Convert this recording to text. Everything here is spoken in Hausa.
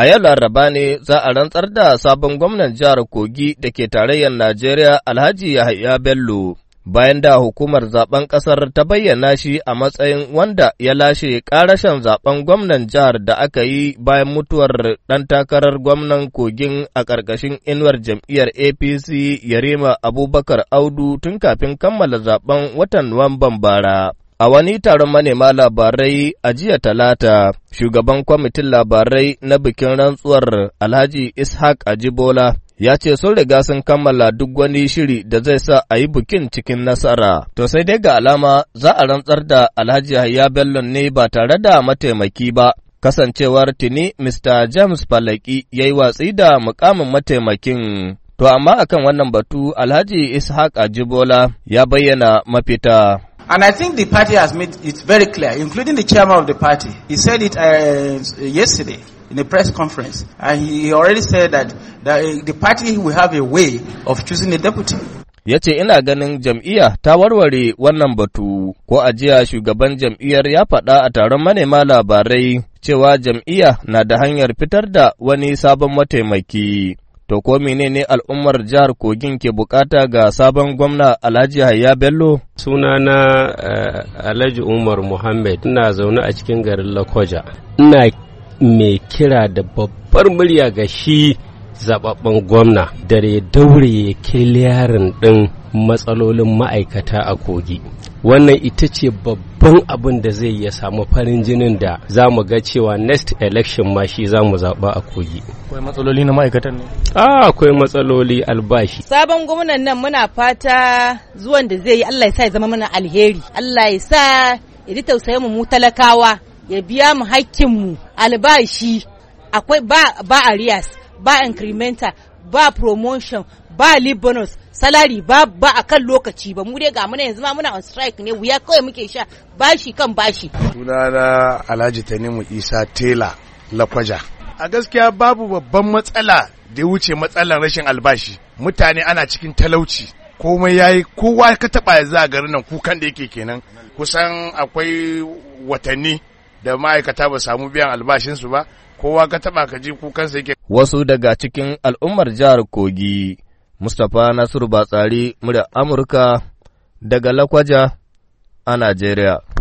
A yau laraba ne za a rantsar da sabon gwamnan jihar Kogi da ke tarayyar Najeriya Alhaji Yahya Bello. Bayan da hukumar zaben ƙasar ta bayyana shi a matsayin wanda ya lashe karashen zaben gwamnan jihar da aka yi bayan mutuwar ɗan takarar gwamnan kogin a ƙarƙashin inuwar jam'iyyar APC Yarima Abubakar Audu tun kafin kammala zaben watan Nuwamban bara. A wani taron manema labarai a jiya talata, shugaban kwamitin labarai na bikin rantsuwar Alhaji Ishaq Ajibola ya ce sun riga sun kammala duk wani shiri da zai sa a yi bikin cikin nasara. To sai dai ga alama za a rantsar da Alhaji ya Bello ne ba tare da mataimaki ba. Kasancewar Tini Mr. James Falaki ya yi watsi da mukamin mataimakin. To amma akan wannan batu Alhaji Ishaq Ajibola ya bayyana mafita. And I think the party has made it very clear, including the chairman of the party. He said it uh, yesterday in a press conference, and he already said that, that the party will have a way of choosing a deputy. ya ce ina ganin jam'iyya ta warware wannan batu ko ajiya shugaban jam'iyyar ya faɗa a taron manema labarai cewa jam'iyya na da hanyar fitar da wani sabon mataimaki To ko menene al'ummar jihar Kogin ke bukata ga sabon gwamna Alhaji Hayya Bello? Sunana uh, Alhaji Umar Muhammad ina zaune a cikin garin lakoja Ina mai kira da babbar murya ga shi zababben gwamna da ya daure ya liyarin ɗin matsalolin ma'aikata a kogi wannan ita ce babban abin da zai ya samu farin jinin da za mu ga cewa next election ma shi za mu zaɓa a kogi akwai matsaloli na ma'aikatan ne ah, akwai matsaloli albashi sabon gwamnan nan muna fata zuwan da zai yi allah ya sa ya zama mana alheri allah ya sa ya ji tausayin mu talakawa ya biya mu mu albashi akwai ba ba arias ba incremental ba promotion ba lib salari ba ba a kan lokaci ba mu dai ga muna yanzu ma muna on strike ne wuya kawai muke sha bashi kan bashi sunana Alhaji Tanimu Isa Tela Lakwaja a gaskiya babu babban matsala da ya wuce matsalar rashin albashi mutane ana cikin talauci komai yayi kowa ka taba yanzu a garin nan kukan da yake kenan kusan akwai watanni da ma'aikata ba samu biyan albashinsu ba kowa ka taba ka ji kukansa yake wasu daga cikin al'ummar jihar kogi Mustapha Nasiru Batsari, murya Amurka daga Lakwaja a Najeriya.